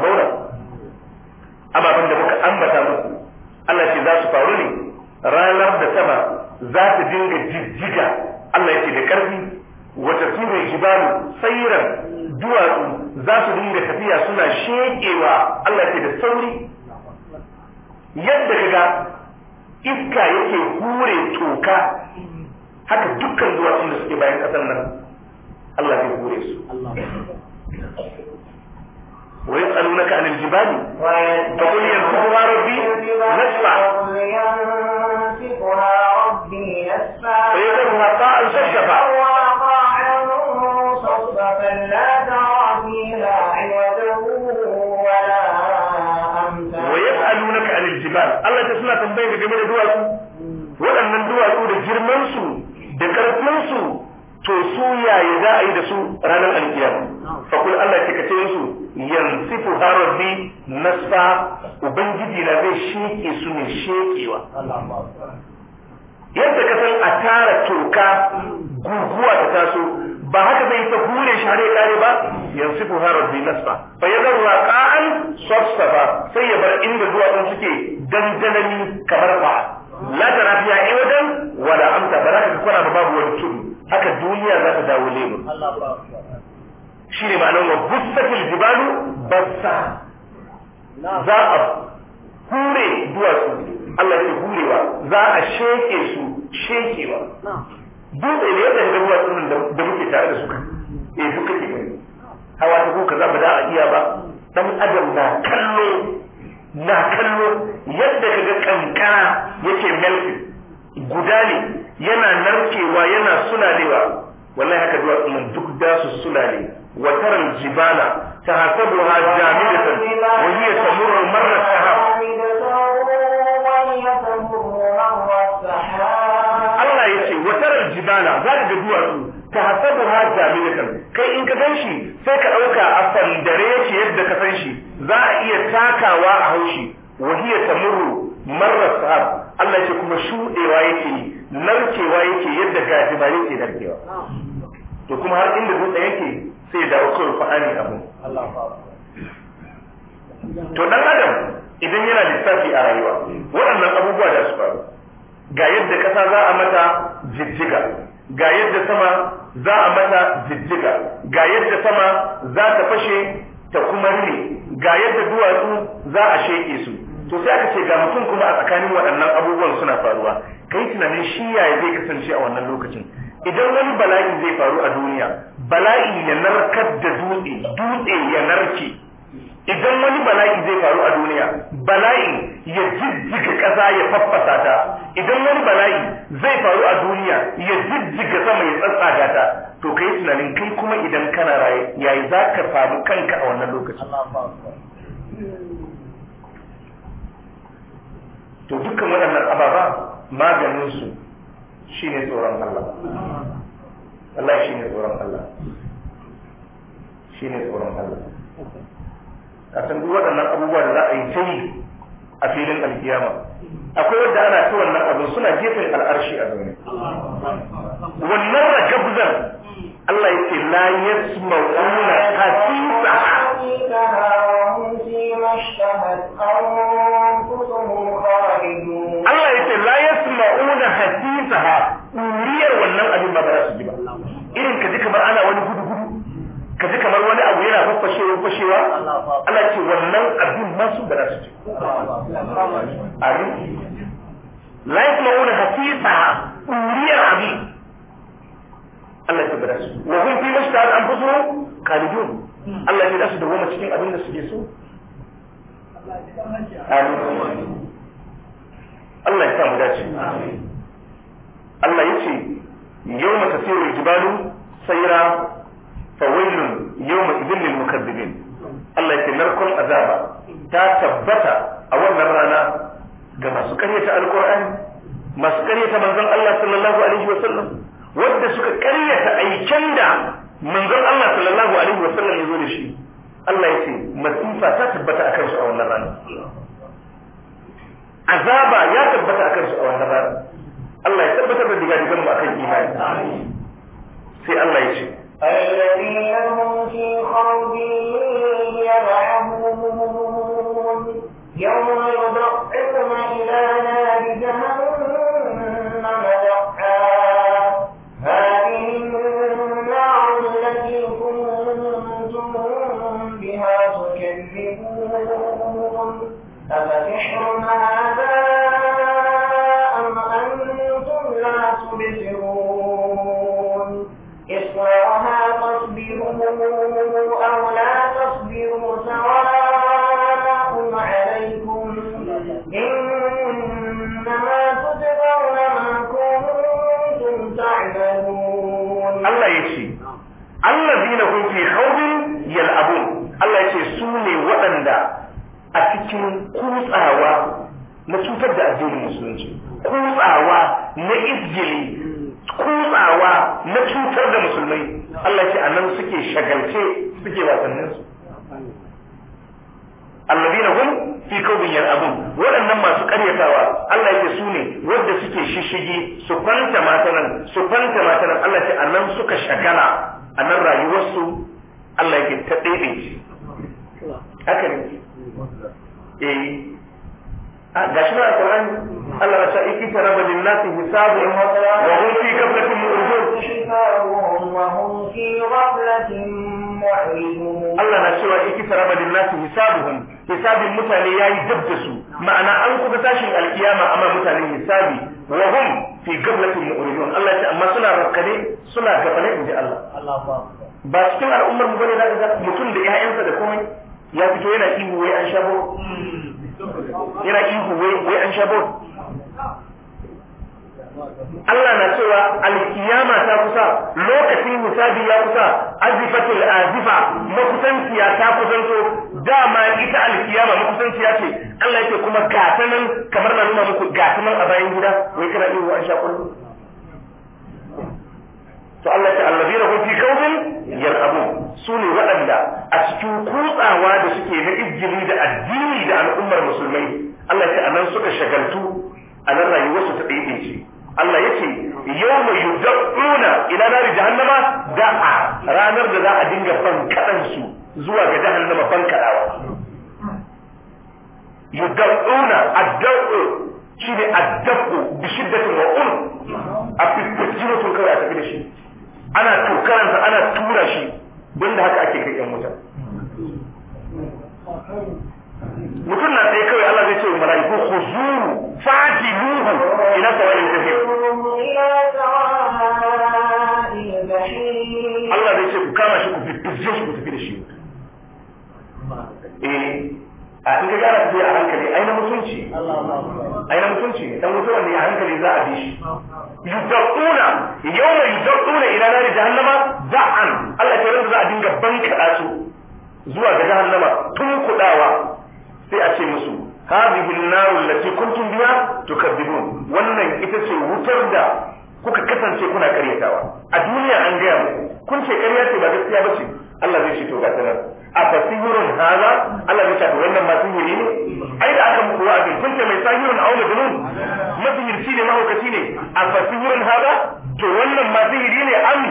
yadda ka san a tara toka guguwa ta taso ba haka zai ta hure shi har ya kare ba yanzu ko harar ba. nasba fa ya zarra qa'an safsafa sai ya bar inda duwatsu suke dandalani kamar ba la tara fiya iwadan wala amta baraka kuna ba babu wani tudu haka duniya za ta dawo lemu shi ne ma'anar wa bussatil jibalu bassa za a hure duwatsu Allah ya ba za a sheke su shekewa dole ne da da ruwa tsunan da muke tare da su eh duka ke hawa ta ko kaza ba da a iya ba dan adam na kallo na kallo yadda kaga kankara yake melting guda ne yana narkewa yana sulalewa wallahi haka zuwa kullum duk da su sulale wa taral jibala tahasabuha jamidatan wa hiya tamurru marra sahab Allah ya ce wata tarar jibala za ka ga duwatsu ta hasabu ha kan kai in ka gan shi sai ka ɗauka a sandare yake yadda ka san shi za a iya takawa a haushi wahiya ta murru marra sahab Allah ya ce kuma shuɗewa yake yi narkewa yake yadda gajiba yake narkewa to kuma har inda dutse yake sai da wasu fa'ani abu to dan adam idan yana lissafi a rayuwa waɗannan abubuwa da su faru ga yadda ƙasa za a mata jijjiga ga yadda sama za a mata jijjiga ga yadda sama za ta fashe ta kuma rine ga yadda duwatsu za a sheke su to sai aka ce ga mutum kuma a tsakanin waɗannan abubuwan suna faruwa kai tunanin shi yaya zai kasance a wannan lokacin idan wani bala'i zai faru a duniya bala'i ya narkar da dutse dutse ya narke idan wani bala'i zai faru a duniya bala'i ya jijjiga ƙasa ya faffasa ta idan wani bala'i zai faru a duniya ya jijjiga sama ya tsatsaga ta to ka yi tunanin kai kuma idan kana raye yayi za ka samu kanka a wannan lokacin to dukkan waɗannan ababa maganinsu shi ne tsoron Allah Allah shi ne tsoron Allah shi ne tsoron Allah ka san duk waɗannan abubuwa da za a yi ta yi a filin alkiyama akwai wanda ana ta wannan abin suna gefen al'arshi a zaune wannan ragabzan Allah yake la yasma'una hasisa Allah yake la yasma'una hasisa uriyar wannan abin ba za su ji ba irin ka ji kamar ana wani gudu ka ji kamar wani abu yana faffashewa fashewa Allah ce wannan abin masu da su ce amin la yasma'una hasisa uriyar abin Allah ya bada su wa kun fi an fuso kalibun Allah ya dasu da goma cikin abin da suke so amin Allah ya samu dace amin Allah yace yawma tasiru jibalu sayra fa wailun yawma idhil lil mukazzibin Allah ya ce narkon azaba ta tabbata a wannan rana ga masu karyata alqur'ani masu karyata manzon Allah sallallahu alaihi wasallam wanda suka karyata aikin da manzon Allah sallallahu alaihi wasallam ya zo da shi Allah ya ce masifa ta tabbata akan su a wannan rana azaba ya tabbata a wannan rana Allah ya tabbatar da mu akan imani sai Allah ya ce الذين هم في خوض alladina hum fi kaubin yar'abun waɗannan masu ƙaryatawa Allah yake su ne wanda suke shishigi su kwanta matanan su kwanta matanan Allah ce anan suka shagala anan rayuwarsu Allah yake ta ɗaiɗe haka ne eh ah, ga shi na Qur'ani Allah ya sa ce ikita rabbil linnasi hisabu wa hum fi ghaflatin mu'ridun wa hum fi ghaflatin Allah na cewa ikita raba din nasu hisabuhum hisabin mutane yayi dab da su ma'ana an kuka tashin alkiyama amma mutane hisabi wa hum fi gablatin mu'ridun Allah ya amma suna rakkane suna gabane inji Allah ba cikin al'ummar mu bane zaka ga mutum da ƴaƴansa da komai ya fito yana ihu wai an shabo hmm. yana ihu wai an shabo Allah na cewa alkiyama ta kusa lokacin hisabi ya kusa azifatul azifa makusanciya ta kusanto dama ita alkiyama makusanciya ce Allah yake kuma gatanan nan kamar na nuna muku gatanan a bayan gida wai kana iya wa asha kullu to Allah ta Allah hum fi kawbin yarqabu su ne waɗanda a cikin kutsawa da suke na ijiri da addini da al'ummar musulmai Allah ta anan suka shagaltu anan rayuwarsu ta ɗaiɗaice Allah yake yawma yudauna ila da jahannama da'a ranar da za a dinga bankadan su zuwa ga jahannama bankadawa yudauna ad-da'u shine ad bi shiddatin wa'un a fiskacin sun kawai a tafi da shi ana tukaransa ana tura shi don haka ake kai yan wuta mutum na sai kawai Allah zai ce mala'iku khuzuru fadiluhu ila sawa'il jahim Allah zai ce ku kama shi ku fitje shi ku tafi da shi eh a inda gara ku a hankali ai mutunci ai mutunci dan mutum ne a hankali za a bi shi yuzaquna yawma yuzaquna ila nar jahannama za'an Allah ya rinda za a dinga banka su zuwa ga jahannama tun kudawa sai a ce musu hadhihi an-naru allati kuntum biha tukadzibun wannan ita ce wutar da kuka kasance kuna karyatawa a duniya an gaya mu kun ce karya ce ba gaskiya ba ce Allah zai ce to a fasihurun hada Allah zai shato wannan ma sihiri ne ai da aka muku wa'azi kun ce mai sahirun aula dunun masihirci ne mahaukaci ne a fasihurun hada to wannan ma sihiri ne an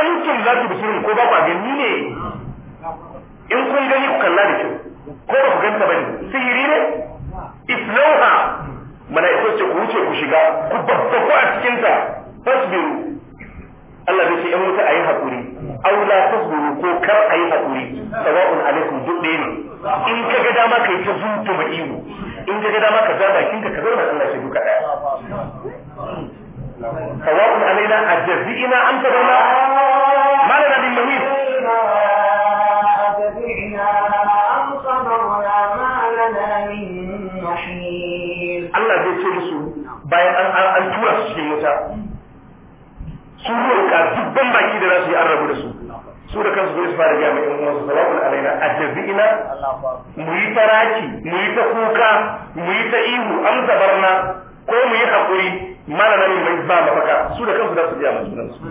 antum la bishirin ko ba ku gani ne in kun gani ku kalla da kyau ko ba ku ganta bane sihiri ne islauha mala'iku ce ku wuce ku shiga ku babbaku a cikinta. ta fasbiru Allah zai ce in wuta yi haƙuri. aw la tasbiru ko kar ayi hakuri sawa'un alaikum duk ɗaya ne in ka ga dama kai ta zuntu ma ihu in ka ga dama ka ja bakin ka ka zauna Allah shi duka ɗaya sawa'un alaina ajazina am tabarna malana bil mahid su duk dubban baki da za su yi an rabu da su su da kansu zai su fara gaya mai yan uwansu salawun alaina ina mu yi faraki mu yi ta kuka mu yi ta ihu an zabarna ko mu yi haƙuri mana nan mai ba mafaka su da kansu za su gaya nan su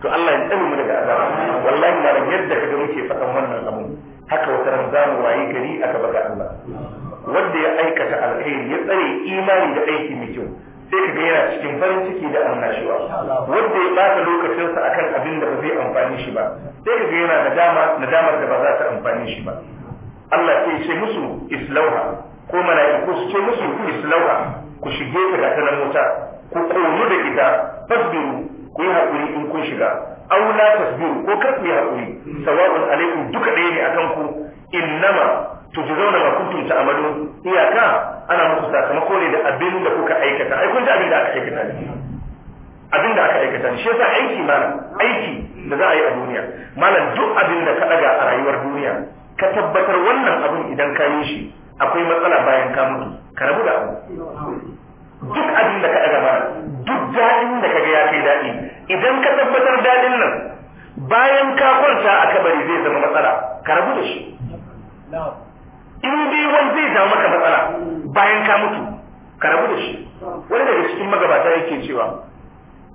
to Allah ya tsare mu daga azaba wallahi malam yadda kaga muke faɗan wannan abun haka wata ran zamu wayi gari aka baka Allah wanda ya aikata alheri ya tsare imani da aiki mai kyau sai ka ga yana cikin farin ciki da annashuwa wanda ya bata lokacinsa akan abin da ba zai amfani shi ba sai ka ga yana damar nadamar da ba za ta amfani shi ba Allah sai ce musu islauha ko mala'iku su ce musu islauha ku shige ta gata na mota ku koyi da ita fasbiru ku yi haƙuri in kun shiga aw la tasbiru ko kar ku yi haƙuri sawa'un alaikum duka ɗaya ne akan ku innama to ki zauna ba kuntum ta amalu iyaka ana muku sakamako ne da abin da kuka aikata ai kun ji abin da aka aikata ne abin da aka aikata ne shi yasa aiki malam aiki da za a yi a duniya malam duk abin da ka daga a rayuwar duniya ka tabbatar wannan abin idan ka yi shi akwai matsala bayan ka mutu ka rabu da abu duk abin da ka daga ma duk daɗin da ka ga ya kai daɗi idan ka tabbatar daɗin nan bayan ka kwanta a kabari zai zama matsala ka rabu da shi in dai wani zai jawo maka matsala bayan ka mutu ka rabu da shi wani daga cikin magabata yake cewa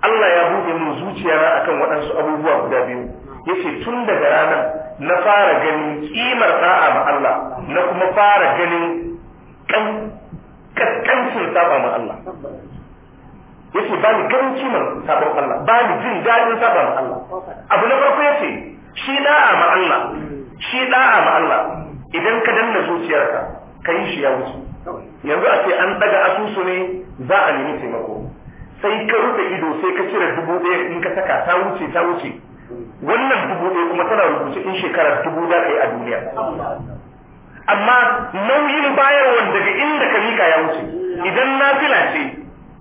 Allah ya buɗe min na akan waɗansu abubuwa guda biyu yace tun daga ranar na fara ganin kimar da'a ma Allah na kuma fara ganin kaskancin saba ma Allah yace ba ni ganin kimar sabon Allah ba ni jin daɗin saba ma Allah abu na farko yace shi da'a ma Allah shi da'a ma Allah idan ka danna zuciyarka ka yi shi ya wuce yanzu a ce an daga asusu ne za a nemi taimako sai ka rufe ido sai ka cire dubu ɗaya in ka saka ta wuce ta wuce wannan dubu ɗaya kuma tana rubuce in shekara dubu za ka yi a duniya amma nauyin bayarwan daga inda ka mika ya wuce idan na fila ce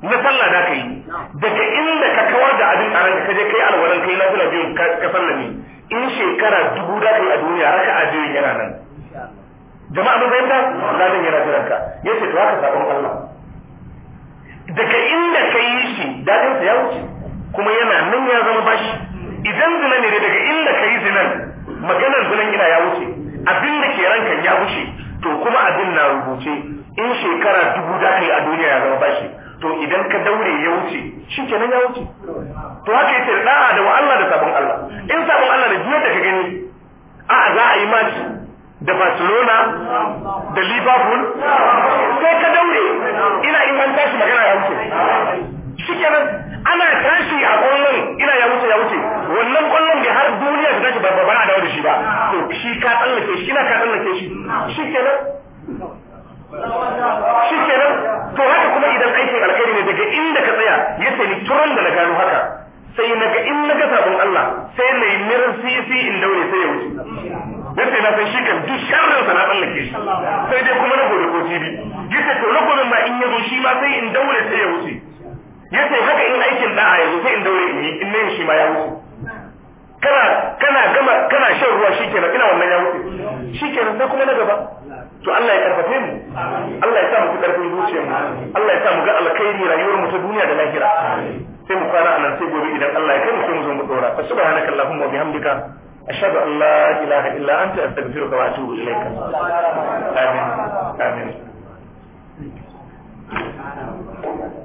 na sallah na ka yi daga inda ka kawar da abin a ranka kaje kai alwalan kai na fila biyun ka sallame in shekara dubu da ka a duniya raka ajiyoyin yana nan jama'a mun fahimta ladan yana jiran Ya ce to haka sabon Allah daga inda ka yi shi dadin sa ya wuce kuma yana nan ya zama bashi idan zina ne daga inda ka yi zinan maganar zinan yana ya wuce abin da ke ranka ya wuce to kuma abin na rubuce in shekara dubu da kai a duniya ya zama bashi to idan ka daure ya wuce shi kenan ya wuce to haka yace da'a da wa Allah da sabon Allah in sabon Allah da biyar da ka gani a za a yi maci da Barcelona da Liverpool sai ka daure ina in an tashi magana ya wuce shikenan ana tashi a kwallon ina ya wuce ya wuce wannan kwallon bai har duniya ta tashi babba bana a dawo da shi ba to shi ka tsallake shi ina ka tsallake shi shikenan shikenan to haka kuma idan aikin alkhairi ne daga inda ka tsaya ya ni turon da na gano haka sai na ga in na ga sabon Allah sai na yi mirin sisi in daure sai ya wuce sai na san shi kan duk sharrin sa na tsallake shi sai dai kuma na gobe ko tibi yace to na gobe ma in yazo shi ma sai in daure sai ya wuce yace haka in aikin da'a yanzu sai in daure in yi in ne shi ma ya wuce kana kana gama kana shan ruwa shikenan ina wannan ya wuce shikenan sai kuma na gaba to Allah ya karfafe mu Allah ya sa mu karfin zuciyar mu Allah ya sa mu ga alkhairi rayuwar mu ta duniya da lahira sai mu fara anan sai gobe idan Allah ya kai mu sai mu zo mu dora fa subhanakallahumma wa bihamdika أشهد أن لا إله إلا أنت أستغفرك وأتوب إليك آمين آمين